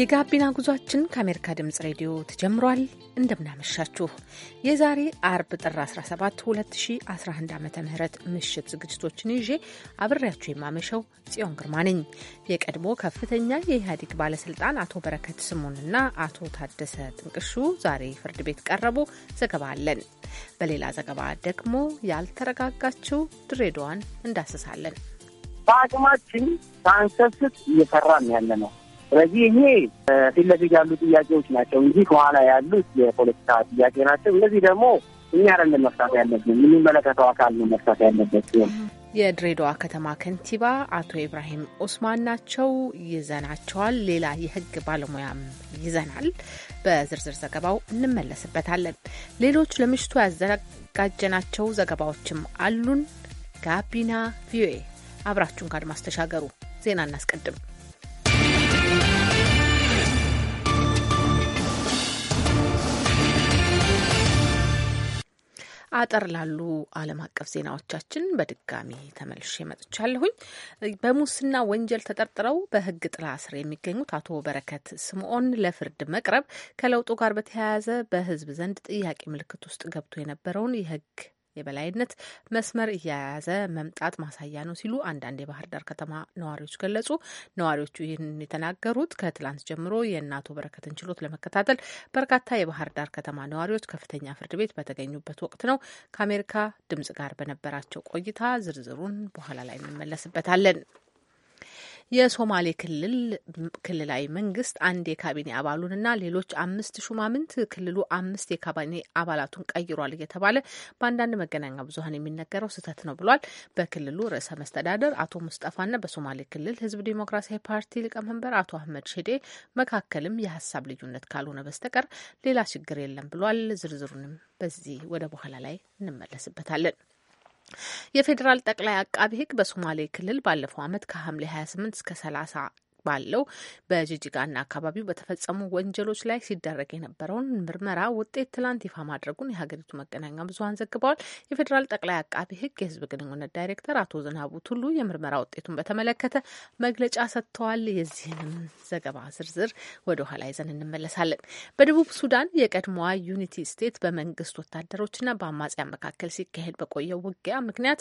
የጋቢና ጉዟችን ከአሜሪካ ድምጽ ሬዲዮ ተጀምሯል። እንደምናመሻችሁ የዛሬ አርብ ጥር 17 2011 ዓ ም ምሽት ዝግጅቶችን ይዤ አብሬያችሁ የማመሸው ጽዮን ግርማ ነኝ። የቀድሞ ከፍተኛ የኢህአዴግ ባለስልጣን አቶ በረከት ስምኦንና አቶ ታደሰ ጥንቅሹ ዛሬ ፍርድ ቤት ቀረቡ። ዘገባ አለን። በሌላ ዘገባ ደግሞ ያልተረጋጋችው ድሬዳዋን እንዳስሳለን። በአቅማችን ሳንሰስት እየሰራን ያለ ነው ስለዚህ ይሄ ፊት ለፊት ያሉ ጥያቄዎች ናቸው እንጂ ከኋላ ያሉት የፖለቲካ ጥያቄ ናቸው። እነዚህ ደግሞ እኛ አይደለም መፍታት ያለብን፣ የሚመለከተው አካል ነው መፍታት ያለበት። የድሬዳዋ ከተማ ከንቲባ አቶ ኢብራሂም ኦስማን ናቸው። ይዘናቸዋል። ሌላ የህግ ባለሙያም ይዘናል። በዝርዝር ዘገባው እንመለስበታለን። ሌሎች ለምሽቱ ያዘጋጀናቸው ዘገባዎችም አሉን። ጋቢና ቪኦኤ አብራችሁን ካድማስ ተሻገሩ። ዜና እናስቀድም። አጠር ላሉ ዓለም አቀፍ ዜናዎቻችን በድጋሚ ተመልሼ መጥቻለሁኝ። በሙስና ወንጀል ተጠርጥረው በሕግ ጥላ ስር የሚገኙት አቶ በረከት ስምዖን ለፍርድ መቅረብ ከለውጡ ጋር በተያያዘ በሕዝብ ዘንድ ጥያቄ ምልክት ውስጥ ገብቶ የነበረውን የሕግ የበላይነት መስመር እየያዘ መምጣት ማሳያ ነው ሲሉ አንዳንድ የባህር ዳር ከተማ ነዋሪዎች ገለጹ። ነዋሪዎቹ ይህንን የተናገሩት ከትላንት ጀምሮ የእናቶ በረከትን ችሎት ለመከታተል በርካታ የባህር ዳር ከተማ ነዋሪዎች ከፍተኛ ፍርድ ቤት በተገኙበት ወቅት ነው። ከአሜሪካ ድምጽ ጋር በነበራቸው ቆይታ ዝርዝሩን በኋላ ላይ እንመለስበታለን። የሶማሌ ክልል ክልላዊ መንግስት አንድ የካቢኔ አባሉንና ሌሎች አምስት ሹማምንት ክልሉ አምስት የካቢኔ አባላቱን ቀይሯል እየተባለ በአንዳንድ መገናኛ ብዙኃን የሚነገረው ስህተት ነው ብሏል። በክልሉ ርዕሰ መስተዳደር አቶ ሙስጠፋና በሶማሌ ክልል ህዝብ ዲሞክራሲያዊ ፓርቲ ሊቀመንበር አቶ አህመድ ሼዴ መካከልም የሀሳብ ልዩነት ካልሆነ በስተቀር ሌላ ችግር የለም ብሏል። ዝርዝሩንም በዚህ ወደ በኋላ ላይ እንመለስበታለን። የፌዴራል ጠቅላይ አቃቢ ሕግ በሶማሌ ክልል ባለፈው ዓመት ከሐምሌ 28 እስከ 30 ባለው በጅጅጋና አካባቢው በተፈጸሙ ወንጀሎች ላይ ሲደረግ የነበረውን ምርመራ ውጤት ትላንት ይፋ ማድረጉን የሀገሪቱ መገናኛ ብዙኃን ዘግበዋል። የፌዴራል ጠቅላይ አቃቢ ሕግ የህዝብ ግንኙነት ዳይሬክተር አቶ ዝናቡ ቱሉ የምርመራ ውጤቱን በተመለከተ መግለጫ ሰጥተዋል። የዚህንም ዘገባ ዝርዝር ወደ ኋላ ይዘን እንመለሳለን። በደቡብ ሱዳን የቀድሞዋ ዩኒቲ ስቴት በመንግስት ወታደሮችና በአማጽያን መካከል ሲካሄድ በቆየው ውጊያ ምክንያት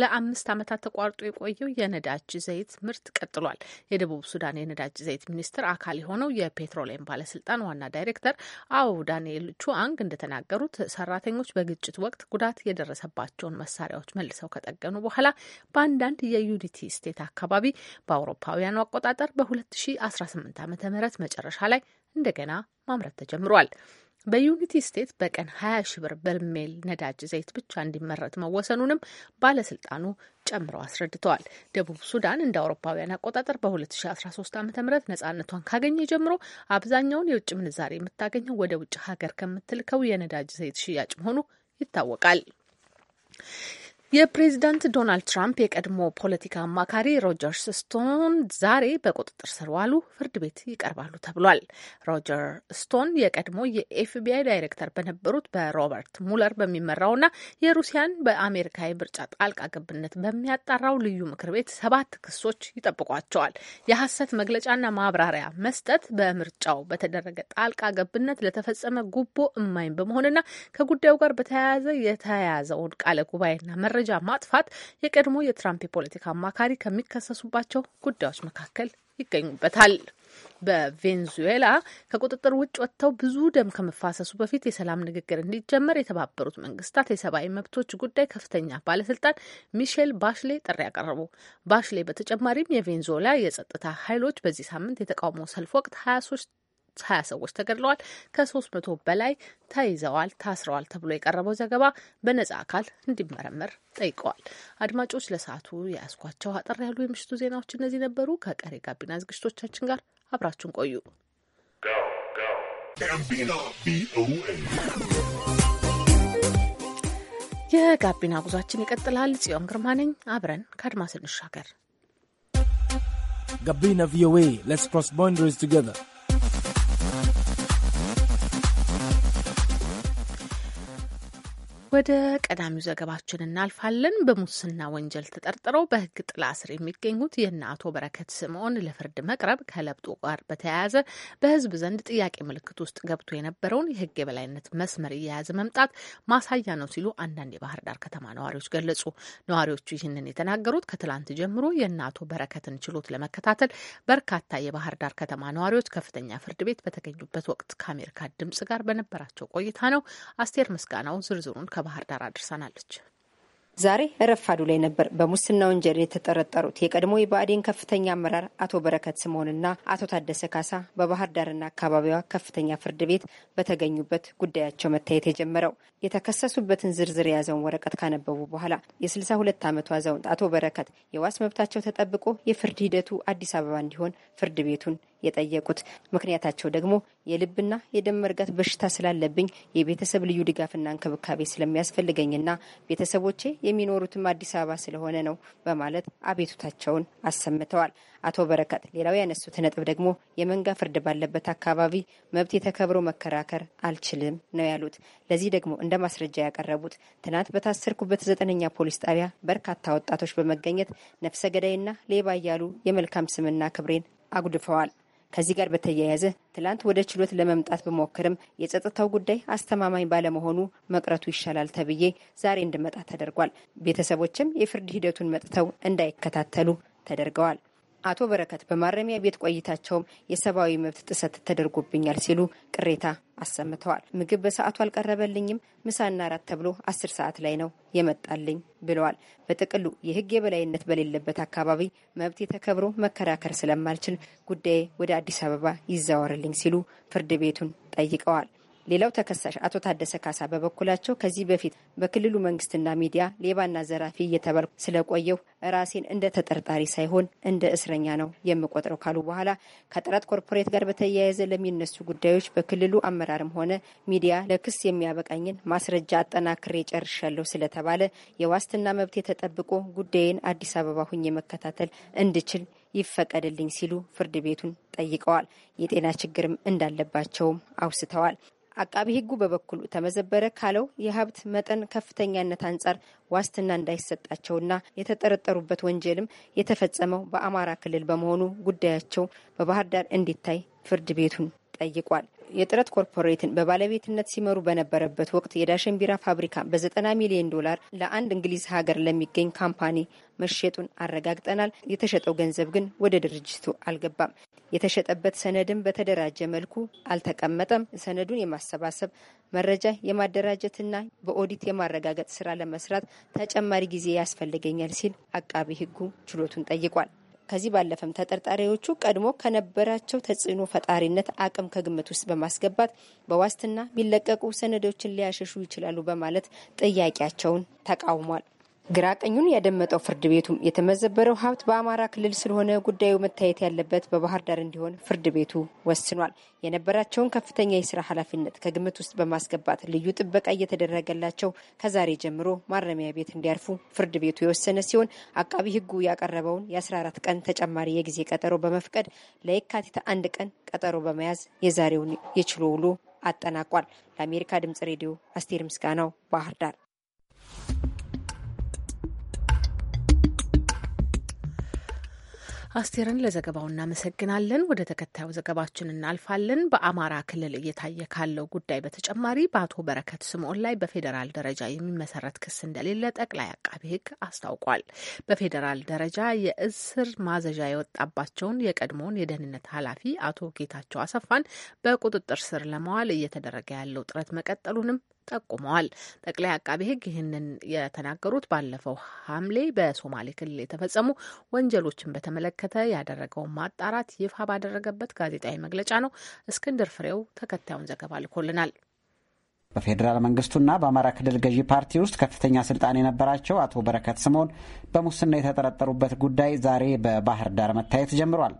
ለአምስት ዓመታት ተቋርጦ የቆየው የነዳጅ ዘይት ምርት ቀጥሏል። የደቡብ የሱዳን የነዳጅ ዘይት ሚኒስትር አካል የሆነው የፔትሮሊየም ባለስልጣን ዋና ዳይሬክተር አዎ ዳንኤል ቹአንግ እንደተናገሩት ሰራተኞች በግጭት ወቅት ጉዳት የደረሰባቸውን መሳሪያዎች መልሰው ከጠገኑ በኋላ በአንዳንድ የዩኒቲ ስቴት አካባቢ በአውሮፓውያኑ አቆጣጠር በ2018 ዓ ም መጨረሻ ላይ እንደገና ማምረት ተጀምሯል። በዩኒቲ ስቴትስ በቀን 20 ሺ ብር በርሜል ነዳጅ ዘይት ብቻ እንዲመረት መወሰኑንም ባለስልጣኑ ጨምረው አስረድተዋል። ደቡብ ሱዳን እንደ አውሮፓውያን አቆጣጠር በ2013 ዓ ም ነጻነቷን ካገኘ ጀምሮ አብዛኛውን የውጭ ምንዛሬ የምታገኘው ወደ ውጭ ሀገር ከምትልከው የነዳጅ ዘይት ሽያጭ መሆኑ ይታወቃል። የፕሬዚዳንት ዶናልድ ትራምፕ የቀድሞ ፖለቲካ አማካሪ ሮጀርስ ስቶን ዛሬ በቁጥጥር ስር ዋሉ፣ ፍርድ ቤት ይቀርባሉ ተብሏል። ሮጀር ስቶን የቀድሞ የኤፍቢአይ ዳይሬክተር በነበሩት በሮበርት ሙለር በሚመራውና የሩሲያን በአሜሪካ የምርጫ ጣልቃ ገብነት በሚያጣራው ልዩ ምክር ቤት ሰባት ክሶች ይጠብቋቸዋል። የሐሰት መግለጫና ማብራሪያ መስጠት፣ በምርጫው በተደረገ ጣልቃ ገብነት ለተፈጸመ ጉቦ እማኝ በመሆንና ከጉዳዩ ጋር በተያያዘ የተያያዘውን ቃለ ጉባኤና መረ መረጃ ማጥፋት የቀድሞ የትራምፕ የፖለቲካ አማካሪ ከሚከሰሱባቸው ጉዳዮች መካከል ይገኙበታል። በቬንዙዌላ ከቁጥጥር ውጭ ወጥተው ብዙ ደም ከመፋሰሱ በፊት የሰላም ንግግር እንዲጀመር የተባበሩት መንግስታት የሰብአዊ መብቶች ጉዳይ ከፍተኛ ባለስልጣን ሚሼል ባሽሌ ጥሪ ያቀረቡ። ባሽሌ በተጨማሪም የቬንዙዌላ የጸጥታ ኃይሎች በዚህ ሳምንት የተቃውሞ ሰልፍ ወቅት ሀያ ሶስት ቢያንስ 20 ሰዎች ተገድለዋል፣ ከ ከ300 በላይ ተይዘዋል፣ ታስረዋል ተብሎ የቀረበው ዘገባ በነጻ አካል እንዲመረመር ጠይቀዋል። አድማጮች ለሰዓቱ የያዝኳቸው አጠር ያሉ የምሽቱ ዜናዎች እነዚህ ነበሩ። ከቀሪ ጋቢና ዝግጅቶቻችን ጋር አብራችሁን ቆዩ። የጋቢና ጉዟችን ይቀጥላል። ጽዮን ግርማ ነኝ። አብረን ከአድማስ እንሻገር። ጋቢና ቪኦኤ ሌትስ ክሮስ ቦንደሪስ ቱጌዘር ወደ ቀዳሚው ዘገባችን እናልፋለን። በሙስና ወንጀል ተጠርጥረው በሕግ ጥላ ስር የሚገኙት የእነ አቶ በረከት ስምዖን ለፍርድ መቅረብ ከለብጦ ጋር በተያያዘ በሕዝብ ዘንድ ጥያቄ ምልክት ውስጥ ገብቶ የነበረውን የሕግ የበላይነት መስመር እየያዘ መምጣት ማሳያ ነው ሲሉ አንዳንድ የባህር ዳር ከተማ ነዋሪዎች ገለጹ። ነዋሪዎቹ ይህንን የተናገሩት ከትላንት ጀምሮ የእነ አቶ በረከትን ችሎት ለመከታተል በርካታ የባህር ዳር ከተማ ነዋሪዎች ከፍተኛ ፍርድ ቤት በተገኙበት ወቅት ከአሜሪካ ድምጽ ጋር በነበራቸው ቆይታ ነው። አስቴር ምስጋናው ዝርዝሩን ከባህር ዳር አድርሰናለች። ዛሬ ረፋዱ ላይ ነበር በሙስና ወንጀል የተጠረጠሩት የቀድሞ የብአዴን ከፍተኛ አመራር አቶ በረከት ስምኦንና አቶ ታደሰ ካሳ በባህር ዳርና አካባቢዋ ከፍተኛ ፍርድ ቤት በተገኙበት ጉዳያቸው መታየት የጀመረው። የተከሰሱበትን ዝርዝር የያዘውን ወረቀት ካነበቡ በኋላ የ62 ዓመቱ አዛውንት አቶ በረከት የዋስ መብታቸው ተጠብቆ የፍርድ ሂደቱ አዲስ አበባ እንዲሆን ፍርድ ቤቱን የጠየቁት። ምክንያታቸው ደግሞ የልብና የደም መርጋት በሽታ ስላለብኝ የቤተሰብ ልዩ ድጋፍና እንክብካቤ ስለሚያስፈልገኝና ቤተሰቦቼ የሚኖሩትም አዲስ አበባ ስለሆነ ነው በማለት አቤቱታቸውን አሰምተዋል። አቶ በረከት ሌላው ያነሱት ነጥብ ደግሞ የመንጋ ፍርድ ባለበት አካባቢ መብት የተከብሮ መከራከር አልችልም ነው ያሉት። ለዚህ ደግሞ እንደ ማስረጃ ያቀረቡት ትናንት በታሰርኩበት ዘጠነኛ ፖሊስ ጣቢያ በርካታ ወጣቶች በመገኘት ነፍሰ ገዳይና ሌባ እያሉ የመልካም ስምና ክብሬን አጉድፈዋል። ከዚህ ጋር በተያያዘ ትላንት ወደ ችሎት ለመምጣት ብሞክርም የጸጥታው ጉዳይ አስተማማኝ ባለመሆኑ መቅረቱ ይሻላል ተብዬ ዛሬ እንድመጣ ተደርጓል። ቤተሰቦችም የፍርድ ሂደቱን መጥተው እንዳይከታተሉ ተደርገዋል። አቶ በረከት በማረሚያ ቤት ቆይታቸውም የሰብአዊ መብት ጥሰት ተደርጎብኛል ሲሉ ቅሬታ አሰምተዋል። ምግብ በሰዓቱ አልቀረበልኝም፣ ምሳና አራት ተብሎ አስር ሰዓት ላይ ነው የመጣልኝ ብለዋል። በጥቅሉ የህግ የበላይነት በሌለበት አካባቢ መብት የተከብሮ መከራከር ስለማልችል ጉዳዬ ወደ አዲስ አበባ ይዛወርልኝ ሲሉ ፍርድ ቤቱን ጠይቀዋል። ሌላው ተከሳሽ አቶ ታደሰ ካሳ በበኩላቸው ከዚህ በፊት በክልሉ መንግስትና ሚዲያ ሌባና ዘራፊ እየተባልኩ ስለቆየው ራሴን እንደ ተጠርጣሪ ሳይሆን እንደ እስረኛ ነው የምቆጥረው ካሉ በኋላ ከጥረት ኮርፖሬት ጋር በተያያዘ ለሚነሱ ጉዳዮች በክልሉ አመራርም ሆነ ሚዲያ ለክስ የሚያበቃኝን ማስረጃ አጠናክሬ ጨርሻለሁ ስለተባለ የዋስትና መብቴ ተጠብቆ ጉዳይን አዲስ አበባ ሁኜ መከታተል እንድችል ይፈቀድልኝ ሲሉ ፍርድ ቤቱን ጠይቀዋል። የጤና ችግርም እንዳለባቸውም አውስተዋል። አቃቢ ሕጉ በበኩሉ ተመዘበረ ካለው የሀብት መጠን ከፍተኛነት አንጻር ዋስትና እንዳይሰጣቸውና የተጠረጠሩበት ወንጀልም የተፈጸመው በአማራ ክልል በመሆኑ ጉዳያቸው በባህር ዳር እንዲታይ ፍርድ ቤቱን ጠይቋል። የጥረት ኮርፖሬትን በባለቤትነት ሲመሩ በነበረበት ወቅት የዳሽን ቢራ ፋብሪካ በዘጠና ሚሊዮን ዶላር ለአንድ እንግሊዝ ሀገር ለሚገኝ ካምፓኒ መሸጡን አረጋግጠናል። የተሸጠው ገንዘብ ግን ወደ ድርጅቱ አልገባም። የተሸጠበት ሰነድም በተደራጀ መልኩ አልተቀመጠም። ሰነዱን የማሰባሰብ መረጃ የማደራጀትና በኦዲት የማረጋገጥ ስራ ለመስራት ተጨማሪ ጊዜ ያስፈልገኛል ሲል አቃቢ ሕጉ ችሎቱን ጠይቋል። ከዚህ ባለፈም ተጠርጣሪዎቹ ቀድሞ ከነበራቸው ተጽዕኖ ፈጣሪነት አቅም ከግምት ውስጥ በማስገባት በዋስትና ቢለቀቁ ሰነዶችን ሊያሸሹ ይችላሉ በማለት ጥያቄያቸውን ተቃውሟል። ግራቀኙን ያደመጠው ፍርድ ቤቱም የተመዘበረው ሀብት በአማራ ክልል ስለሆነ ጉዳዩ መታየት ያለበት በባህር ዳር እንዲሆን ፍርድ ቤቱ ወስኗል። የነበራቸውን ከፍተኛ የስራ ኃላፊነት ከግምት ውስጥ በማስገባት ልዩ ጥበቃ እየተደረገላቸው ከዛሬ ጀምሮ ማረሚያ ቤት እንዲያርፉ ፍርድ ቤቱ የወሰነ ሲሆን አቃቢ ሕጉ ያቀረበውን የ14 ቀን ተጨማሪ የጊዜ ቀጠሮ በመፍቀድ ለየካቲት አንድ ቀን ቀጠሮ በመያዝ የዛሬውን የችሎ ውሎ አጠናቋል። ለአሜሪካ ድምጽ ሬዲዮ አስቴር ምስጋናው ባህር ዳር አስቴርን ለዘገባው እናመሰግናለን። ወደ ተከታዩ ዘገባችን እናልፋለን። በአማራ ክልል እየታየ ካለው ጉዳይ በተጨማሪ በአቶ በረከት ስምኦን ላይ በፌዴራል ደረጃ የሚመሰረት ክስ እንደሌለ ጠቅላይ አቃቢ ሕግ አስታውቋል። በፌዴራል ደረጃ የእስር ማዘዣ የወጣባቸውን የቀድሞውን የደህንነት ኃላፊ አቶ ጌታቸው አሰፋን በቁጥጥር ስር ለመዋል እየተደረገ ያለው ጥረት መቀጠሉንም ጠቁመዋል። ጠቅላይ አቃቤ ሕግ ይህንን የተናገሩት ባለፈው ሐምሌ በሶማሌ ክልል የተፈጸሙ ወንጀሎችን በተመለከተ ያደረገውን ማጣራት ይፋ ባደረገበት ጋዜጣዊ መግለጫ ነው። እስክንድር ፍሬው ተከታዩን ዘገባ ልኮልናል። በፌዴራል መንግስቱና በአማራ ክልል ገዢ ፓርቲ ውስጥ ከፍተኛ ስልጣን የነበራቸው አቶ በረከት ስምኦን በሙስና የተጠረጠሩበት ጉዳይ ዛሬ በባህር ዳር መታየት ጀምሯል።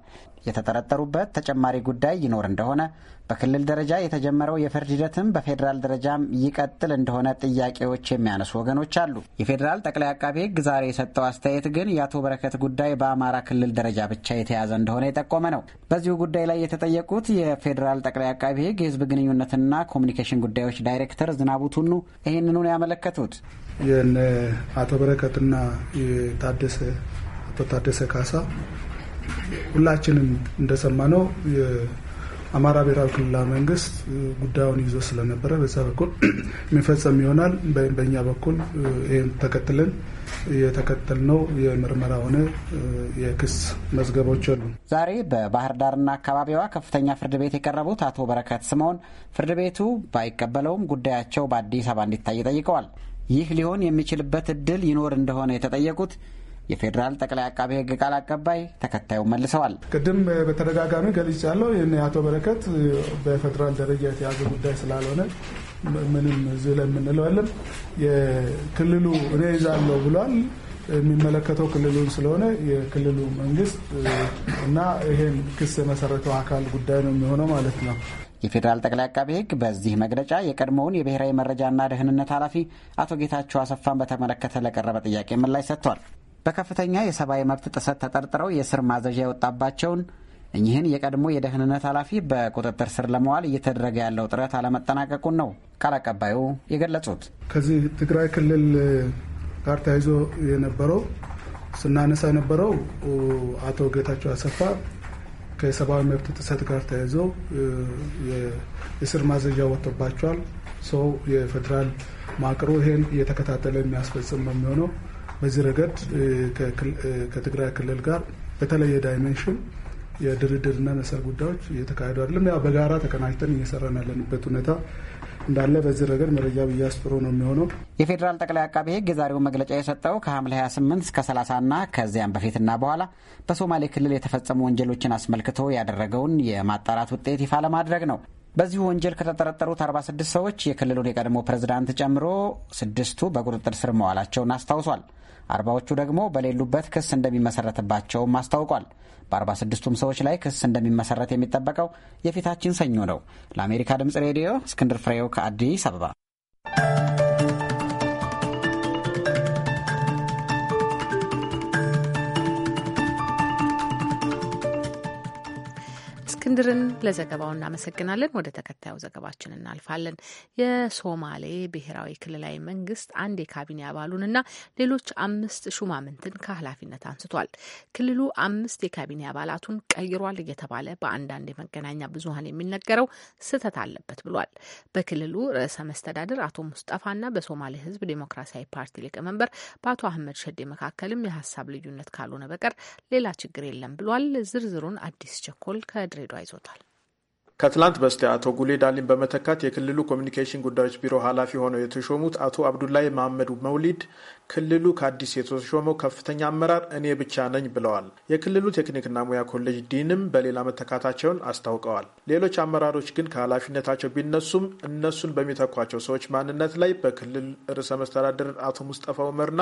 የተጠረጠሩበት ተጨማሪ ጉዳይ ይኖር እንደሆነ በክልል ደረጃ የተጀመረው የፍርድ ሂደትም በፌዴራል ደረጃም ይቀጥል እንደሆነ ጥያቄዎች የሚያነሱ ወገኖች አሉ። የፌዴራል ጠቅላይ አቃቤ ሕግ ዛሬ የሰጠው አስተያየት ግን የአቶ በረከት ጉዳይ በአማራ ክልል ደረጃ ብቻ የተያዘ እንደሆነ የጠቆመ ነው። በዚሁ ጉዳይ ላይ የተጠየቁት የፌዴራል ጠቅላይ አቃቤ ሕግ የሕዝብ ግንኙነትና ኮሚኒኬሽን ጉዳዮች ዳይሬክተር ዝናቡ ቱኑ ይህንኑን ያመለከቱት የነ አቶ በረከትና የታደሰ አቶ ታደሰ ካሳ ሁላችንም እንደሰማነው የአማራ ብሔራዊ ክልላ መንግስት ጉዳዩን ይዞ ስለነበረ በዛ በኩል የሚፈጸም ይሆናል። በእኛ በኩል ይህን ተከትለን የተከተልነው የምርመራ ሆነ የክስ መዝገቦች አሉ። ዛሬ በባህር ዳርና አካባቢዋ ከፍተኛ ፍርድ ቤት የቀረቡት አቶ በረከት ስምኦን ፍርድ ቤቱ ባይቀበለውም ጉዳያቸው በአዲስ አበባ እንዲታይ ጠይቀዋል። ይህ ሊሆን የሚችልበት እድል ይኖር እንደሆነ የተጠየቁት የፌዴራል ጠቅላይ አቃቤ ሕግ ቃል አቀባይ ተከታዩን መልሰዋል። ቅድም በተደጋጋሚ ገልጫለሁ። ይህ የአቶ በረከት በፌዴራል ደረጃ የተያዘ ጉዳይ ስላልሆነ ምንም እዚህ ላይ የምንለው የለም። የክልሉ እኔ ይዛለሁ ብሏል። የሚመለከተው ክልሉን ስለሆነ የክልሉ መንግስት እና ይሄን ክስ የመሰረተው አካል ጉዳይ ነው የሚሆነው ማለት ነው። የፌዴራል ጠቅላይ አቃቤ ሕግ በዚህ መግለጫ የቀድሞውን የብሔራዊ መረጃና ደህንነት ኃላፊ አቶ ጌታቸው አሰፋን በተመለከተ ለቀረበ ጥያቄ ምላሽ ሰጥቷል። በከፍተኛ የሰብአዊ መብት ጥሰት ተጠርጥረው የስር ማዘዣ የወጣባቸውን እኚህን የቀድሞ የደህንነት ኃላፊ በቁጥጥር ስር ለመዋል እየተደረገ ያለው ጥረት አለመጠናቀቁን ነው ቃል አቀባዩ የገለጹት። ከዚህ ትግራይ ክልል ጋር ተያይዞ የነበረው ስናነሳ የነበረው አቶ ጌታቸው አሰፋ ከሰብአዊ መብት ጥሰት ጋር ተያይዞ የስር ማዘዣ ወጥቶባቸዋል። ሰው የፌዴራል ማቅሮ ይሄን እየተከታተለ የሚያስፈጽም ነው የሚሆነው በዚህ ረገድ ከትግራይ ክልል ጋር በተለየ ዳይሜንሽን የድርድርና መሰል ጉዳዮች እየተካሄዱ አይደለም። ያው በጋራ ተቀናጅተን እየሰራን ያለንበት ሁኔታ እንዳለ በዚህ ረገድ መረጃ ብያስ ነው የሚሆነው። የፌዴራል ጠቅላይ አቃቤ ሕግ የዛሬውን መግለጫ የሰጠው ከሐምሌ 28 እስከ 30ና ከዚያም በፊትና በኋላ በሶማሌ ክልል የተፈጸሙ ወንጀሎችን አስመልክቶ ያደረገውን የማጣራት ውጤት ይፋ ለማድረግ ነው። በዚሁ ወንጀል ከተጠረጠሩት 46 ሰዎች የክልሉን የቀድሞ ፕሬዝዳንት ጨምሮ ስድስቱ በቁጥጥር ስር መዋላቸውን አስታውሷል። አርባዎቹ ደግሞ በሌሉበት ክስ እንደሚመሰረትባቸውም አስታውቋል። በአርባ ስድስቱም ሰዎች ላይ ክስ እንደሚመሰረት የሚጠበቀው የፊታችን ሰኞ ነው። ለአሜሪካ ድምፅ ሬዲዮ እስክንድር ፍሬው ከአዲስ አበባ እስክንድርን ለዘገባው እናመሰግናለን። ወደ ተከታዩ ዘገባችን እናልፋለን። የሶማሌ ብሔራዊ ክልላዊ መንግስት አንድ የካቢኔ አባሉንና ሌሎች አምስት ሹማምንትን ከኃላፊነት አንስቷል። ክልሉ አምስት የካቢኔ አባላቱን ቀይሯል እየተባለ በአንዳንድ የመገናኛ ብዙኃን የሚነገረው ስህተት አለበት ብሏል። በክልሉ ርዕሰ መስተዳድር አቶ ሙስጠፋና በሶማሌ ህዝብ ዴሞክራሲያዊ ፓርቲ ሊቀመንበር በአቶ አህመድ ሸዴ መካከልም የሀሳብ ልዩነት ካልሆነ በቀር ሌላ ችግር የለም ብሏል። ዝርዝሩን አዲስ ቸኮል ከድሬዳዋ ይዞታል። ከትላንት በስቲያ አቶ ጉሌ ዳሊን በመተካት የክልሉ ኮሚኒኬሽን ጉዳዮች ቢሮ ኃላፊ ሆነው የተሾሙት አቶ አብዱላይ መሐመድ መውሊድ ክልሉ ከአዲስ የተሾመው ከፍተኛ አመራር እኔ ብቻ ነኝ ብለዋል። የክልሉ ቴክኒክና ሙያ ኮሌጅ ዲንም በሌላ መተካታቸውን አስታውቀዋል። ሌሎች አመራሮች ግን ከኃላፊነታቸው ቢነሱም እነሱን በሚተኳቸው ሰዎች ማንነት ላይ በክልል ርዕሰ መስተዳደር አቶ ሙስጠፋ ኡመርና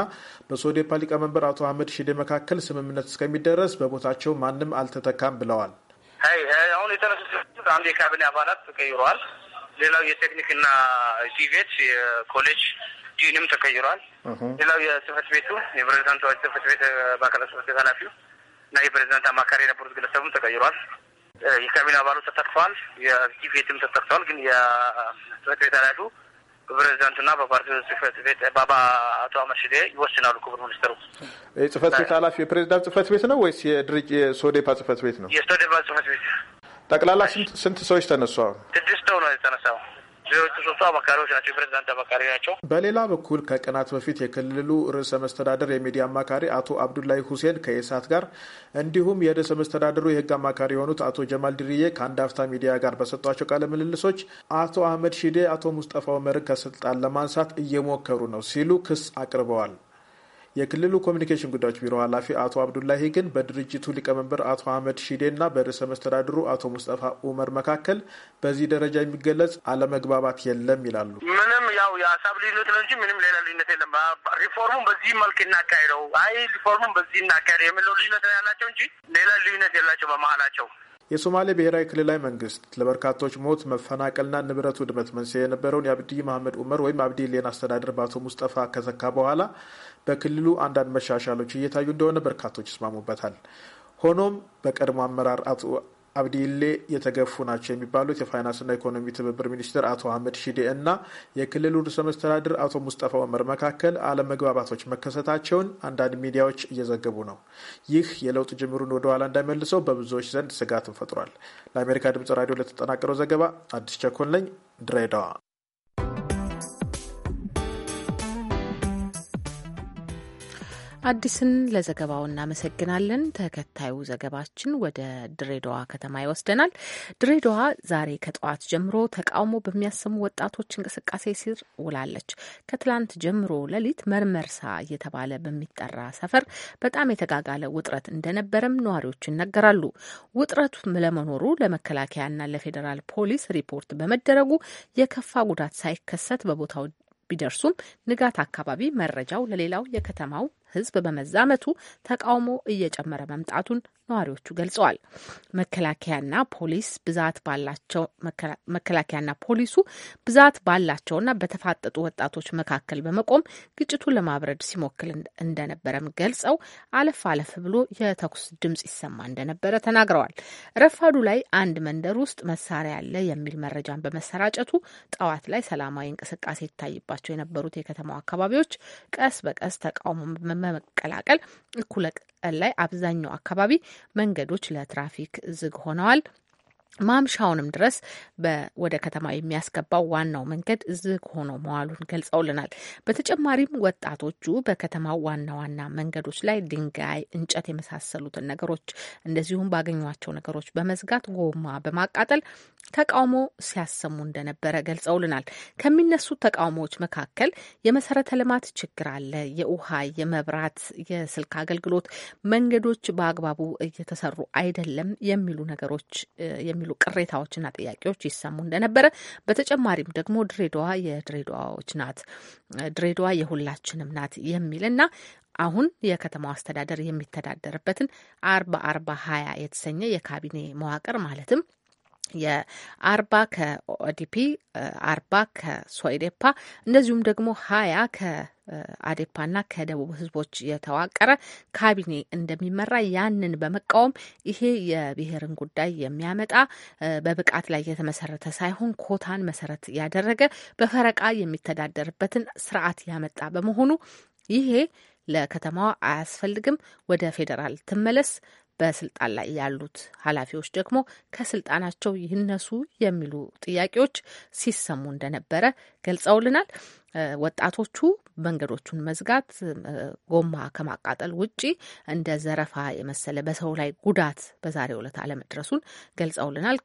በሶዴፓ ሊቀመንበር አቶ አህመድ ሺዴ መካከል ስምምነት እስከሚደረስ በቦታቸው ማንም አልተተካም ብለዋል። አሁን የተነሱት አንድ የካቢኔ አባላት ተቀይረዋል። ሌላው የቴክኒክና ሲቪት የኮሌጅ ዲንም ተቀይረዋል። ሌላው የጽህፈት ቤቱ የፕሬዚዳንቱ ጽህፈት ቤት ማዕከላዊ ጽህፈት ቤት ኃላፊው እና የፕሬዚዳንት አማካሪ የነበሩት ግለሰቡም ተቀይሯል። የካቢኔ አባሉ ተተክተዋል። የሲቪትም ተተክተዋል። ግን የጽህፈት ቤት ኃላፊው በፕሬዚዳንቱና በፓርቲው ጽህፈት ቤት ባባ አቶ አመሽዴ ይወስናሉ። ክቡር ሚኒስትሩ ጽህፈት ቤት ኃላፊ የፕሬዚዳንት ጽህፈት ቤት ነው ወይስ የድርጅ የሶዴፓ ጽህፈት ቤት ነው? የሶዴፓ ጽህፈት ቤት። ጠቅላላ ስንት ሰዎች ተነሱ? አሁን ስድስት ሰው ነው የተነሳው። ሌሎቹ ሶስቱ አማካሪዎች ናቸው፣ የፕሬዚዳንት አማካሪ ናቸው። በሌላ በኩል ከቀናት በፊት የክልሉ ርዕሰ መስተዳደር የሚዲያ አማካሪ አቶ አብዱላይ ሁሴን ከኢሳት ጋር እንዲሁም የርዕሰ መስተዳደሩ የህግ አማካሪ የሆኑት አቶ ጀማል ድርዬ ከአንድ አፍታ ሚዲያ ጋር በሰጧቸው ቃለ ምልልሶች አቶ አህመድ ሺዴ አቶ ሙስጠፋ ኡመርን ከስልጣን ለማንሳት እየሞከሩ ነው ሲሉ ክስ አቅርበዋል። የክልሉ ኮሚኒኬሽን ጉዳዮች ቢሮ ኃላፊ አቶ አብዱላሂ ግን በድርጅቱ ሊቀመንበር አቶ አህመድ ሺዴ እና በርዕሰ መስተዳድሩ አቶ ሙስጠፋ ኡመር መካከል በዚህ ደረጃ የሚገለጽ አለመግባባት የለም ይላሉ። ምንም ያው የሀሳብ ልዩነት ነው እንጂ ምንም ሌላ ልዩነት የለም። ሪፎርሙን በዚህ መልክ እናካሄደው፣ አይ ሪፎርሙን በዚህ እናካሄደ የምለው ልዩነት ነው ያላቸው እንጂ ሌላ ልዩነት የላቸው በመሀላቸው። የሶማሌ ብሔራዊ ክልላዊ መንግስት ለበርካቶች ሞት መፈናቀልና ንብረት ውድመት መንስኤ የነበረውን የአብዲ መሐመድ ኡመር ወይም ሌን አስተዳደር በአቶ ሙስጠፋ ከዘካ በኋላ በክልሉ አንዳንድ መሻሻሎች እየታዩ እንደሆነ በርካቶች ይስማሙበታል። ሆኖም በቀድሞ አመራር አቶ አብዲሌ የተገፉ ናቸው የሚባሉት የፋይናንስና ኢኮኖሚ ትብብር ሚኒስትር አቶ አህመድ ሺዴ እና የክልሉ ርዕሰ መስተዳድር አቶ ሙስጠፋ ዑመር መካከል አለመግባባቶች መከሰታቸውን አንዳንድ ሚዲያዎች እየዘገቡ ነው። ይህ የለውጥ ጅምሩን ወደኋላ እንዳይመልሰው በብዙዎች ዘንድ ስጋትን ፈጥሯል። ለአሜሪካ ድምጽ ራዲዮ ለተጠናቀረው ዘገባ አዲስ ቸኮን ለኝ ድሬዳዋ አዲስን ለዘገባው እናመሰግናለን። ተከታዩ ዘገባችን ወደ ድሬዳዋ ከተማ ይወስደናል። ድሬዳዋ ዛሬ ከጠዋት ጀምሮ ተቃውሞ በሚያሰሙ ወጣቶች እንቅስቃሴ ስር ውላለች። ከትላንት ጀምሮ ሌሊት መርመርሳ እየተባለ በሚጠራ ሰፈር በጣም የተጋጋለ ውጥረት እንደነበረም ነዋሪዎች ይናገራሉ። ውጥረቱ ለመኖሩ ለመከላከያና ለፌዴራል ፖሊስ ሪፖርት በመደረጉ የከፋ ጉዳት ሳይከሰት በቦታው ቢደርሱም ንጋት አካባቢ መረጃው ለሌላው የከተማው ህዝብ በመዛመቱ ተቃውሞ እየጨመረ መምጣቱን ነዋሪዎቹ ገልጸዋል። መከላከያና ፖሊስ ብዛት ባላቸው መከላከያና ፖሊሱ ብዛት ባላቸውና በተፋጠጡ ወጣቶች መካከል በመቆም ግጭቱን ለማብረድ ሲሞክል እንደነበረም ገልጸው አለፍ አለፍ ብሎ የተኩስ ድምጽ ይሰማ እንደነበረ ተናግረዋል። ረፋዱ ላይ አንድ መንደር ውስጥ መሳሪያ አለ የሚል መረጃን በመሰራጨቱ ጠዋት ላይ ሰላማዊ እንቅስቃሴ ይታይባቸው የነበሩት የከተማው አካባቢዎች ቀስ በቀስ ተቃውሞ መቀላቀል እኩለ ቀን ላይ አብዛኛው አካባቢ መንገዶች ለትራፊክ ዝግ ሆነዋል። ማምሻውንም ድረስ ወደ ከተማ የሚያስገባው ዋናው መንገድ ዝግ ሆኖ መዋሉን ገልጸውልናል። በተጨማሪም ወጣቶቹ በከተማው ዋና ዋና መንገዶች ላይ ድንጋይ፣ እንጨት የመሳሰሉትን ነገሮች እንደዚሁም ባገኟቸው ነገሮች በመዝጋት ጎማ በማቃጠል ተቃውሞ ሲያሰሙ እንደነበረ ገልጸውልናል። ከሚነሱት ተቃውሞዎች መካከል የመሰረተ ልማት ችግር አለ፣ የውሃ፣ የመብራት፣ የስልክ አገልግሎት፣ መንገዶች በአግባቡ እየተሰሩ አይደለም የሚሉ ነገሮች የሚሉ ቅሬታዎችና ጥያቄዎች ይሰሙ እንደነበረ፣ በተጨማሪም ደግሞ ድሬዳዋ የድሬዳዋዎች ናት፣ ድሬዳዋ የሁላችንም ናት የሚልና አሁን የከተማው አስተዳደር የሚተዳደርበትን አርባ አርባ ሀያ የተሰኘ የካቢኔ መዋቅር ማለትም የአርባ ከኦዲፒ አርባ ከሶኢዴፓ እንደዚሁም ደግሞ ሀያ ከአዴፓና ከደቡብ ህዝቦች የተዋቀረ ካቢኔ እንደሚመራ ያንን በመቃወም ይሄ የብሔርን ጉዳይ የሚያመጣ በብቃት ላይ የተመሰረተ ሳይሆን ኮታን መሰረት ያደረገ በፈረቃ የሚተዳደርበትን ስርዓት ያመጣ በመሆኑ ይሄ ለከተማዋ አያስፈልግም፣ ወደ ፌዴራል ትመለስ በስልጣን ላይ ያሉት ኃላፊዎች ደግሞ ከስልጣናቸው ይነሱ የሚሉ ጥያቄዎች ሲሰሙ እንደነበረ ገልጸውልናል። ወጣቶቹ መንገዶቹን መዝጋት ጎማ ከማቃጠል ውጪ እንደ ዘረፋ የመሰለ በሰው ላይ ጉዳት በዛሬው ዕለት አለመድረሱን ገልጸውልናል።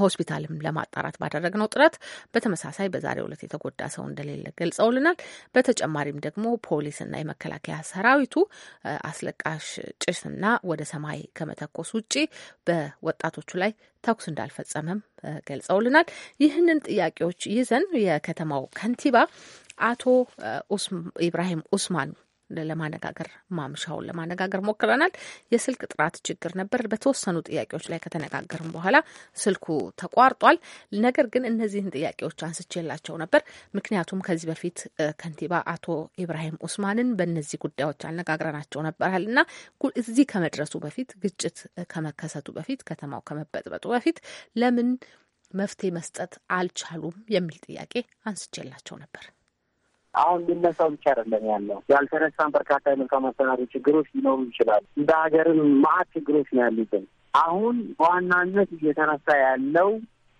ሆስፒታልም ለማጣራት ባደረግነው ጥረት በተመሳሳይ በዛሬው ዕለት የተጎዳ ሰው እንደሌለ ገልጸውልናል። በተጨማሪም ደግሞ ፖሊስና የመከላከያ ሰራዊቱ አስለቃሽ ጭስና ወደ ሰማይ ከመተኮስ ውጪ በወጣቶቹ ላይ ተኩስ እንዳልፈጸመም ገልጸውልናል። ይህንን ጥያቄዎች ይዘን የከተማው ከንቲባ አቶ ኢብራሂም ኡስማን ለማነጋገር ማምሻውን ለማነጋገር ሞክረናል። የስልክ ጥራት ችግር ነበር። በተወሰኑ ጥያቄዎች ላይ ከተነጋገርም በኋላ ስልኩ ተቋርጧል። ነገር ግን እነዚህን ጥያቄዎች አንስቼላቸው ነበር። ምክንያቱም ከዚህ በፊት ከንቲባ አቶ ኢብራሂም ኡስማንን በእነዚህ ጉዳዮች አነጋግረናቸው ነበራል እና እዚህ ከመድረሱ በፊት ግጭት ከመከሰቱ በፊት ከተማው ከመበጥበጡ በፊት ለምን መፍትሄ መስጠት አልቻሉም የሚል ጥያቄ አንስቼላቸው ነበር። አሁን ሊነሳው ብቻ አይደለም ያለው ያልተነሳን በርካታ የመልካም አስተዳደር ችግሮች ሊኖሩ ይችላሉ። እንደ ሀገርም ማአት ችግሮች ነው ያሉትን አሁን በዋናነት እየተነሳ ያለው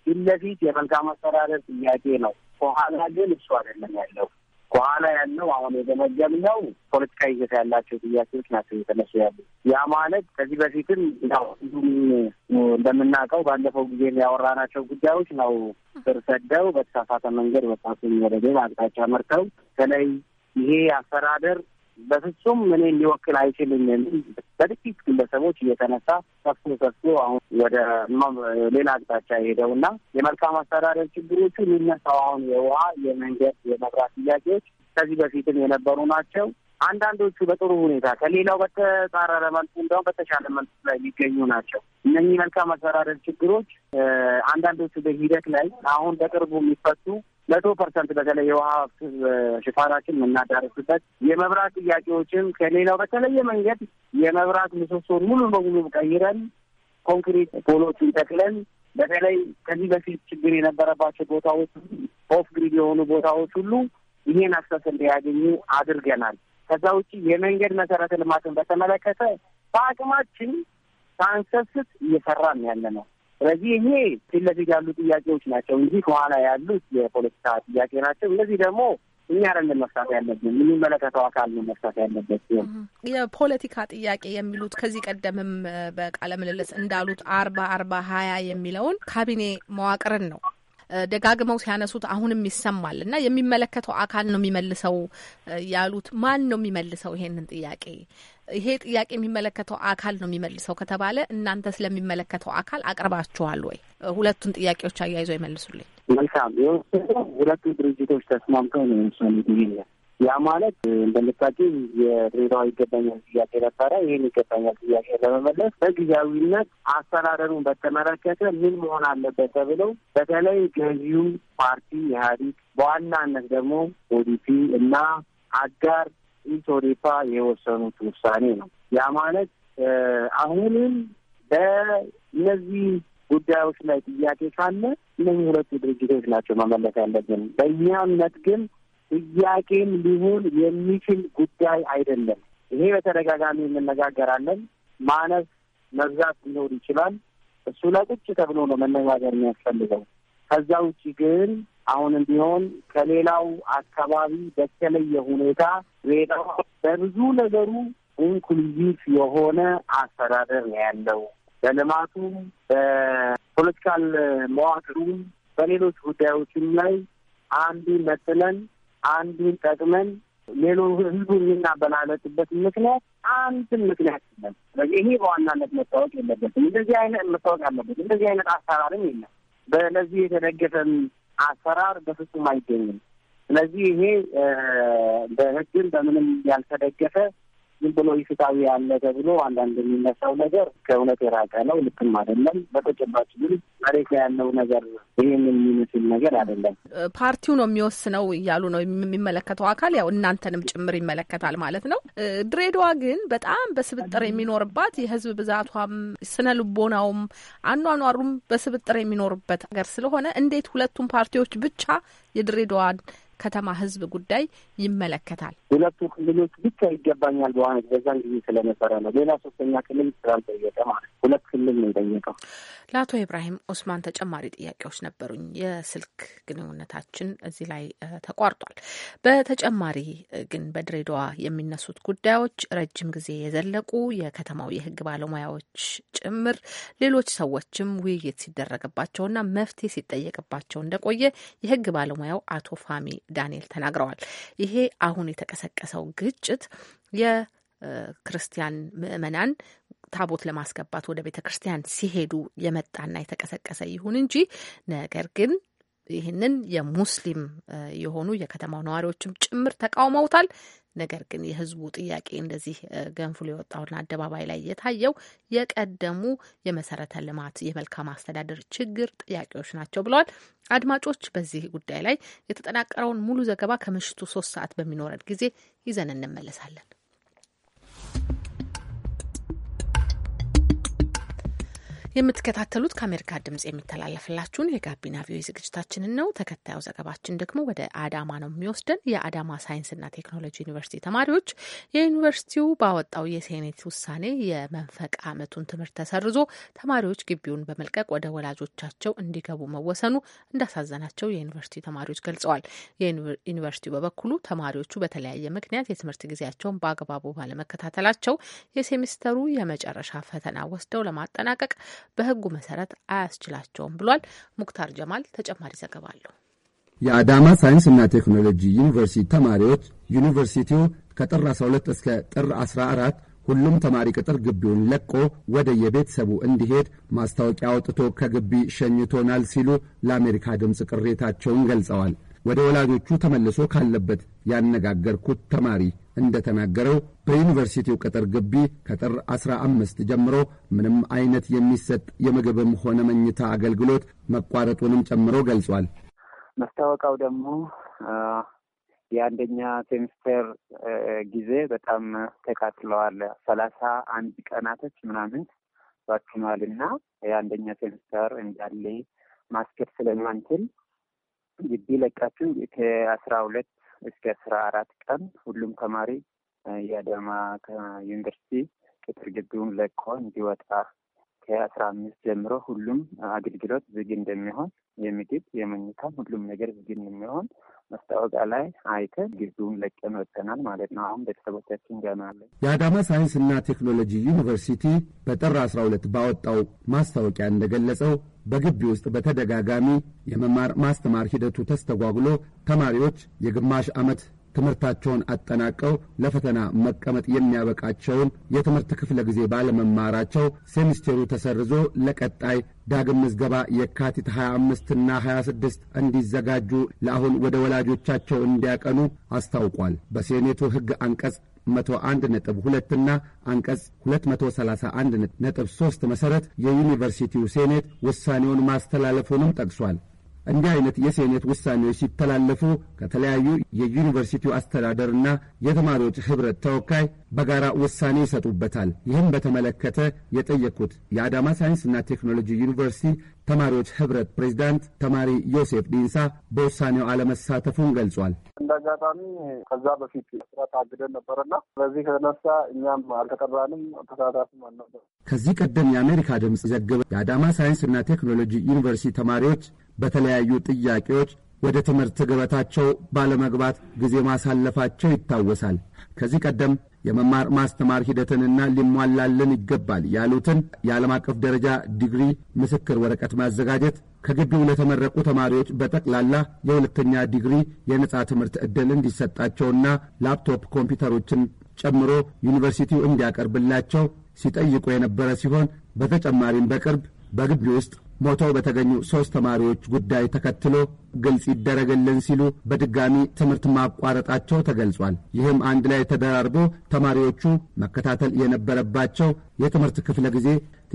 ፊት ለፊት የመልካም አስተዳደር ጥያቄ ነው። ከኋላ ግን እሱ አይደለም ያለው በኋላ ያለው አሁን የገመገብነው ፖለቲካ ይዘት ያላቸው ጥያቄዎች ናቸው እየተነሱ ያሉ። ያ ማለት ከዚህ በፊትም ያው ሁሉም እንደምናውቀው ባለፈው ጊዜ ያወራናቸው ጉዳዮች ነው ስር ሰደው በተሳሳተ መንገድ ወጣቱን ወደ ግብ አቅጣጫ መርተው በተለይ ይሄ አስተዳደር በፍጹም እኔ ሊወክል አይችልም የሚል በጥቂት ግለሰቦች እየተነሳ ሰፍቶ ሰፍቶ አሁን ወደ ሌላ አቅጣጫ የሄደውና የመልካም አስተዳደር ችግሮቹ የሚነሳው አሁን የውሃ፣ የመንገድ፣ የመብራት ጥያቄዎች ከዚህ በፊትም የነበሩ ናቸው። አንዳንዶቹ በጥሩ ሁኔታ ከሌላው በተጻረረ መልኩ እንዲሁም በተሻለ መልኩ ላይ የሚገኙ ናቸው። እነኚህ መልካም አስተዳደር ችግሮች አንዳንዶቹ በሂደት ላይ አሁን በቅርቡ የሚፈቱ መቶ ፐርሰንት በተለይ የውሃ ሽፋናችን የምናዳርሱበት የመብራት ጥያቄዎችን ከሌላው በተለየ መንገድ የመብራት ምሰሶን ሙሉ በሙሉ ቀይረን ኮንክሪት ፖሎችን ተክለን በተለይ ከዚህ በፊት ችግር የነበረባቸው ቦታዎች ኦፍ ግሪድ የሆኑ ቦታዎች ሁሉ ይሄን አክሰስ እንዲያገኙ አድርገናል። ከዛ ውጪ የመንገድ መሰረተ ልማትን በተመለከተ በአቅማችን ሳንሰስት እየሰራን ያለ ነው። ስለዚህ ይሄ ፊት ለፊት ያሉ ጥያቄዎች ናቸው እንጂ ከኋላ ያሉት የፖለቲካ ጥያቄ ናቸው። እነዚህ ደግሞ እኛ አይደለም መፍታት ያለብን፣ የሚመለከተው አካል ነው መፍታት ያለበት። የፖለቲካ ጥያቄ የሚሉት ከዚህ ቀደምም በቃለ ምልልስ እንዳሉት አርባ አርባ ሀያ የሚለውን ካቢኔ መዋቅርን ነው ደጋግመው ሲያነሱት አሁንም ይሰማል እና የሚመለከተው አካል ነው የሚመልሰው ያሉት ማን ነው የሚመልሰው ይሄንን ጥያቄ ይሄ ጥያቄ የሚመለከተው አካል ነው የሚመልሰው ከተባለ እናንተ ስለሚመለከተው አካል አቅርባችኋል ወይ? ሁለቱን ጥያቄዎች አያይዞ ይመልሱልኝ። መልካም። ሁለቱ ድርጅቶች ተስማምተው ነው የወሰኑት። ያ ማለት እንደምታውቂው የድሬዳዋ ይገባኛል ጥያቄ ነበረ። ይህን ይገባኛል ጥያቄ ለመመለስ በጊዜያዊነት አስተዳደሩን በተመለከተ ምን መሆን አለበት ተብለው በተለይ ገዢው ፓርቲ ኢህአዲግ በዋናነት ደግሞ ኦዲፒ እና አጋር ኢሶዴፓ የወሰኑት ውሳኔ ነው። ያ ማለት አሁንም በእነዚህ ጉዳዮች ላይ ጥያቄ ካለ እነዚህ ሁለቱ ድርጅቶች ናቸው መመለስ ያለብን። በእኛ እምነት ግን ጥያቄም ሊሆን የሚችል ጉዳይ አይደለም። ይሄ በተደጋጋሚ እንነጋገራለን። ማነስ መብዛት ሊኖር ይችላል። እሱ ላይ ቁጭ ተብሎ ነው መነጋገር የሚያስፈልገው። ከዛ ውጭ ግን አሁንም ቢሆን ከሌላው አካባቢ በተለየ ሁኔታ ሬዳ በብዙ ነገሩ ኢንኩሉዚቭ የሆነ አስተዳደር ነው ያለው። በልማቱም፣ በፖለቲካል መዋቅሩም፣ በሌሎች ጉዳዮችም ላይ አንዱን መጥለን አንዱን ጠቅመን ሌሎ ህዝቡ የምናበላለጥበት ምክንያት አንድም ምክንያት የለም። ስለዚህ ይሄ በዋናነት መታወቅ የለበትም። እንደዚህ አይነት መታወቅ አለበት። እንደዚህ አይነት አሰራርም የለም። በለዚህ የተደገፈም አሰራር በፍጹም አይገኝም። ስለዚህ ይሄ በህግም በምንም ያልተደገፈ ዝም ብሎ ይፍታዊ ያለ ተብሎ አንዳንድ የሚነሳው ነገር ከእውነት የራቀ ነው፣ ልክም አይደለም። በተጨባጭ ግን መሬት ላይ ያለው ነገር ይህን የሚመስል ነገር አይደለም። ፓርቲው ነው የሚወስነው እያሉ ነው የሚመለከተው አካል ያው እናንተንም ጭምር ይመለከታል ማለት ነው። ድሬዳዋ ግን በጣም በስብጥር የሚኖርባት የህዝብ ብዛቷም ስነ ልቦናውም አኗኗሩም በስብጥር የሚኖርበት ሀገር ስለሆነ እንዴት ሁለቱም ፓርቲዎች ብቻ የድሬዳዋን ከተማ ህዝብ ጉዳይ ይመለከታል። ሁለቱ ክልሎች ብቻ ይገባኛል በዋነት በዛን ጊዜ ስለነበረ ነው። ሌላ ሶስተኛ ክልል ስላልጠየቀ ማለት ሁለት ክልል ነው የጠየቀው። ለአቶ ኢብራሂም ኦስማን ተጨማሪ ጥያቄዎች ነበሩኝ። የስልክ ግንኙነታችን እዚህ ላይ ተቋርጧል። በተጨማሪ ግን በድሬዳዋ የሚነሱት ጉዳዮች ረጅም ጊዜ የዘለቁ የከተማው የህግ ባለሙያዎች ጭምር ሌሎች ሰዎችም ውይይት ሲደረግባቸውና መፍትሄ ሲጠየቅባቸው እንደቆየ የህግ ባለሙያው አቶ ፋሚ ዳንኤል ተናግረዋል። ይሄ አሁን የተቀሰቀሰው ግጭት የክርስቲያን ምዕመናን ታቦት ለማስገባት ወደ ቤተ ክርስቲያን ሲሄዱ የመጣና የተቀሰቀሰ ይሁን እንጂ ነገር ግን ይህንን የሙስሊም የሆኑ የከተማው ነዋሪዎችም ጭምር ተቃውመውታል። ነገር ግን የህዝቡ ጥያቄ እንደዚህ ገንፍሎ የወጣውና አደባባይ ላይ የታየው የቀደሙ የመሰረተ ልማት የመልካም አስተዳደር ችግር ጥያቄዎች ናቸው ብለዋል። አድማጮች፣ በዚህ ጉዳይ ላይ የተጠናቀረውን ሙሉ ዘገባ ከምሽቱ ሶስት ሰዓት በሚኖረን ጊዜ ይዘን እንመለሳለን። የምትከታተሉት ከአሜሪካ ድምጽ የሚተላለፍላችሁን የጋቢና ቪኦኤ ዝግጅታችንን ነው። ተከታዩ ዘገባችን ደግሞ ወደ አዳማ ነው የሚወስደን። የአዳማ ሳይንስና ቴክኖሎጂ ዩኒቨርሲቲ ተማሪዎች የዩኒቨርሲቲው ባወጣው የሴኔት ውሳኔ የመንፈቅ ዓመቱን ትምህርት ተሰርዞ ተማሪዎች ግቢውን በመልቀቅ ወደ ወላጆቻቸው እንዲገቡ መወሰኑ እንዳሳዘናቸው የዩኒቨርሲቲ ተማሪዎች ገልጸዋል። የዩኒቨርሲቲው በበኩሉ ተማሪዎቹ በተለያየ ምክንያት የትምህርት ጊዜያቸውን በአግባቡ ባለመከታተላቸው የሴሚስተሩ የመጨረሻ ፈተና ወስደው ለማጠናቀቅ በህጉ መሰረት አያስችላቸውም ብሏል። ሙክታር ጀማል ተጨማሪ ዘገባ አለው። የአዳማ ሳይንስና ቴክኖሎጂ ዩኒቨርሲቲ ተማሪዎች ዩኒቨርሲቲው ከጥር 12 እስከ ጥር 14 ሁሉም ተማሪ ቅጥር ግቢውን ለቆ ወደ የቤተሰቡ እንዲሄድ ማስታወቂያ አውጥቶ ከግቢ ሸኝቶናል ሲሉ ለአሜሪካ ድምፅ ቅሬታቸውን ገልጸዋል። ወደ ወላጆቹ ተመልሶ ካለበት ያነጋገርኩት ተማሪ እንደተናገረው በዩኒቨርሲቲው ቅጥር ግቢ ከጥር 15 ጀምሮ ምንም አይነት የሚሰጥ የምግብም ሆነ መኝታ አገልግሎት መቋረጡንም ጨምሮ ገልጿል። መስታወቂያው ደግሞ የአንደኛ ሴሚስተር ጊዜ በጣም ተቃጥለዋል። ሰላሳ አንድ ቀናቶች ምናምን ባክኗል እና የአንደኛ ሴሚስተር እንዳለ ማስኬድ ስለማንችል ግቢ ለቃችሁ ከአስራ ሁለት እስከ አስራ አራት ቀን ሁሉም ተማሪ የአዳማ ዩኒቨርሲቲ ቅጥር ግቢውን ለቆ እንዲወጣ ከአስራ አምስት ጀምሮ ሁሉም አገልግሎት ዝግ እንደሚሆን የምግብ የመኝታም ሁሉም ነገር ዝግ እንደሚሆን ማስታወቂያ ላይ አይተን ግቢውን ለቀን ወጥተናል ማለት ነው። አሁን ቤተሰቦቻችን ገና አለ። የአዳማ ሳይንስና ቴክኖሎጂ ዩኒቨርሲቲ በጥር አስራ ሁለት ባወጣው ማስታወቂያ እንደገለጸው በግቢ ውስጥ በተደጋጋሚ የመማር ማስተማር ሂደቱ ተስተጓጉሎ ተማሪዎች የግማሽ ዓመት ትምህርታቸውን አጠናቀው ለፈተና መቀመጥ የሚያበቃቸውን የትምህርት ክፍለ ጊዜ ባለመማራቸው ሴሚስቴሩ ተሰርዞ ለቀጣይ ዳግም ምዝገባ የካቲት 25ና 26 እንዲዘጋጁ ለአሁን ወደ ወላጆቻቸው እንዲያቀኑ አስታውቋል። በሴኔቱ ሕግ አንቀጽ 101 ነጥብ 2 እና አንቀጽ 231 ነጥብ 3 መሠረት የዩኒቨርሲቲው ሴኔት ውሳኔውን ማስተላለፉንም ጠቅሷል። እንዲህ አይነት የሴኔት ውሳኔዎች ሲተላለፉ ከተለያዩ የዩኒቨርሲቲው አስተዳደርና የተማሪዎች ኅብረት ተወካይ በጋራ ውሳኔ ይሰጡበታል። ይህም በተመለከተ የጠየቅኩት የአዳማ ሳይንስና ቴክኖሎጂ ዩኒቨርሲቲ ተማሪዎች ኅብረት ፕሬዚዳንት ተማሪ ዮሴፍ ዲንሳ በውሳኔው አለመሳተፉን ገልጿል። እንደ አጋጣሚ ከዛ በፊት ስራ ታግደን ነበረና በዚህ ከተነሳ እኛም አልተቀራንም፣ ተሳታፊም አልነበር። ከዚህ ቀደም የአሜሪካ ድምፅ ዘግበ የአዳማ ሳይንስና ቴክኖሎጂ ዩኒቨርሲቲ ተማሪዎች በተለያዩ ጥያቄዎች ወደ ትምህርት ገበታቸው ባለመግባት ጊዜ ማሳለፋቸው ይታወሳል። ከዚህ ቀደም የመማር ማስተማር ሂደትንና ሊሟላልን ይገባል ያሉትን የዓለም አቀፍ ደረጃ ዲግሪ ምስክር ወረቀት ማዘጋጀት፣ ከግቢው ለተመረቁ ተማሪዎች በጠቅላላ የሁለተኛ ዲግሪ የነጻ ትምህርት ዕድል እንዲሰጣቸውና ላፕቶፕ ኮምፒውተሮችን ጨምሮ ዩኒቨርሲቲው እንዲያቀርብላቸው ሲጠይቁ የነበረ ሲሆን በተጨማሪም በቅርብ በግቢ ውስጥ ሞተው በተገኙ ሦስት ተማሪዎች ጉዳይ ተከትሎ ግልጽ ይደረግልን ሲሉ በድጋሚ ትምህርት ማቋረጣቸው ተገልጿል። ይህም አንድ ላይ ተደራርቦ ተማሪዎቹ መከታተል የነበረባቸው የትምህርት ክፍለ ጊዜ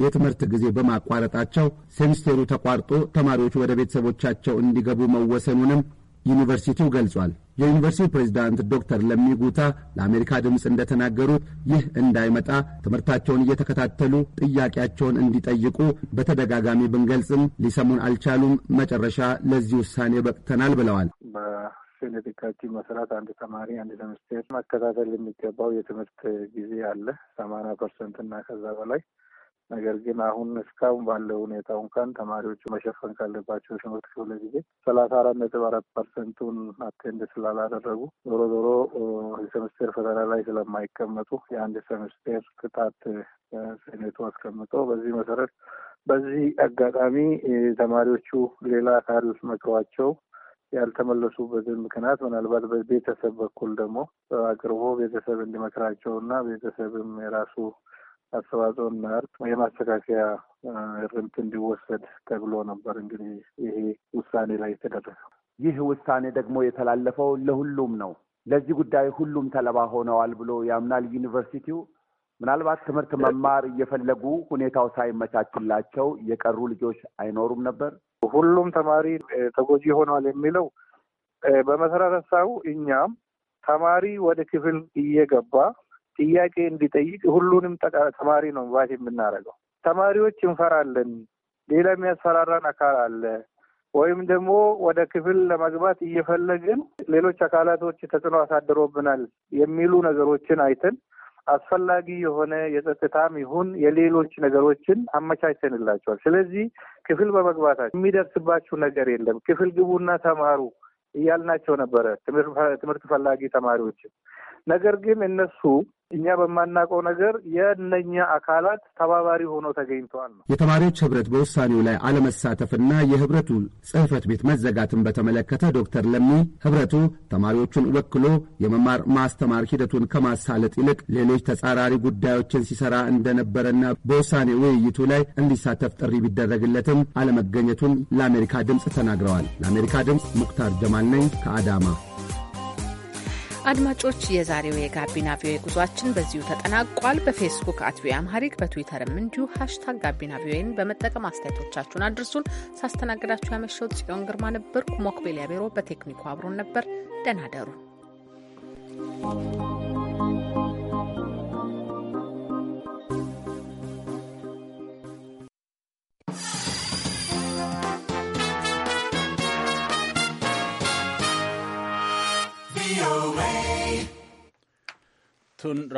የትምህርት ጊዜ በማቋረጣቸው ሴምስቴሩ ተቋርጦ ተማሪዎቹ ወደ ቤተሰቦቻቸው እንዲገቡ መወሰኑንም ዩኒቨርሲቲው ገልጿል። የዩኒቨርሲቲው ፕሬዚዳንት ዶክተር ለሚ ጉታ ለአሜሪካ ድምፅ እንደተናገሩት ይህ እንዳይመጣ ትምህርታቸውን እየተከታተሉ ጥያቄያቸውን እንዲጠይቁ በተደጋጋሚ ብንገልጽም ሊሰሙን አልቻሉም። መጨረሻ ለዚህ ውሳኔ በቅተናል ብለዋል። ሴኔት መስራት መሰረት አንድ ተማሪ አንድ ሴምስቴር መከታተል የሚገባው የትምህርት ጊዜ አለ። ሰማንያ ፐርሰንት እና ከዛ በላይ ነገር ግን አሁን እስካሁን ባለው ሁኔታ እንኳን ተማሪዎቹ መሸፈን ካለባቸው የትምህርት ክፍለ ጊዜ ሰላሳ አራት ነጥብ አራት ፐርሰንቱን አቴንድ ስላላደረጉ ዞሮ ዞሮ የሰምስቴር ፈተና ላይ ስለማይቀመጡ የአንድ ሰምስቴር ቅጣት ሴኔቱ አስቀምጠው በዚህ መሰረት በዚህ አጋጣሚ ተማሪዎቹ ሌላ አካል መክሯቸው ያልተመለሱበትን ምክንያት ምናልባት በቤተሰብ በኩል ደግሞ አቅርቦ ቤተሰብ እንዲመክራቸው እና ቤተሰብም የራሱ አስተዋጽኦ እርቅ የማስተካከያ እርምት እንዲወሰድ ተብሎ ነበር እንግዲህ ይሄ ውሳኔ ላይ የተደረገው። ይህ ውሳኔ ደግሞ የተላለፈው ለሁሉም ነው። ለዚህ ጉዳይ ሁሉም ተለባ ሆነዋል ብሎ ያምናል ዩኒቨርሲቲው። ምናልባት ትምህርት መማር እየፈለጉ ሁኔታው ሳይመቻችላቸው የቀሩ ልጆች አይኖሩም ነበር። ሁሉም ተማሪ ተጎጂ ሆነዋል የሚለው በመሰረተ ሀሳቡ እኛም ተማሪ ወደ ክፍል እየገባ ጥያቄ እንዲጠይቅ ሁሉንም ተማሪ ነው ባት የምናደርገው። ተማሪዎች እንፈራለን። ሌላ የሚያስፈራራን አካል አለ ወይም ደግሞ ወደ ክፍል ለመግባት እየፈለግን ሌሎች አካላቶች ተጽዕኖ አሳድሮብናል የሚሉ ነገሮችን አይተን አስፈላጊ የሆነ የጸጥታም ይሁን የሌሎች ነገሮችን አመቻችተንላቸዋል። ስለዚህ ክፍል በመግባታቸው የሚደርስባችሁ ነገር የለም፣ ክፍል ግቡና ተማሩ እያልናቸው ነበረ ትምህርት ፈላጊ ተማሪዎችን። ነገር ግን እነሱ እኛ በማናውቀው ነገር የእነኛ አካላት ተባባሪ ሆኖ ተገኝተዋል ነው። የተማሪዎች ህብረት በውሳኔው ላይ አለመሳተፍና የህብረቱ ጽህፈት ቤት መዘጋትን በተመለከተ ዶክተር ለሚ ህብረቱ ተማሪዎቹን ወክሎ የመማር ማስተማር ሂደቱን ከማሳለጥ ይልቅ ሌሎች ተጻራሪ ጉዳዮችን ሲሰራ እንደነበረና በውሳኔ ውይይቱ ላይ እንዲሳተፍ ጥሪ ቢደረግለትም አለመገኘቱን ለአሜሪካ ድምፅ ተናግረዋል። ለአሜሪካ ድምፅ ሙክታር ጀማል ነኝ ከአዳማ አድማጮች የዛሬው የጋቢና ቪኦኤ ጉዟችን በዚሁ ተጠናቋል። በፌስቡክ አት ቪኦኤ አምሃሪክ በትዊተርም እንዲሁ ሀሽታግ ጋቢና ቪኦኤን በመጠቀም አስተያየቶቻችሁን አድርሱን። ሳስተናግዳችሁ ያመሸው ጽዮን ግርማ ነበርኩ። ሞክቤል ያቤሮ በቴክኒኩ አብሮን ነበር። ደህና ደሩ። tun